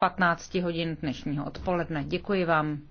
15 hodin dnešního odpoledne. Děkuji vám.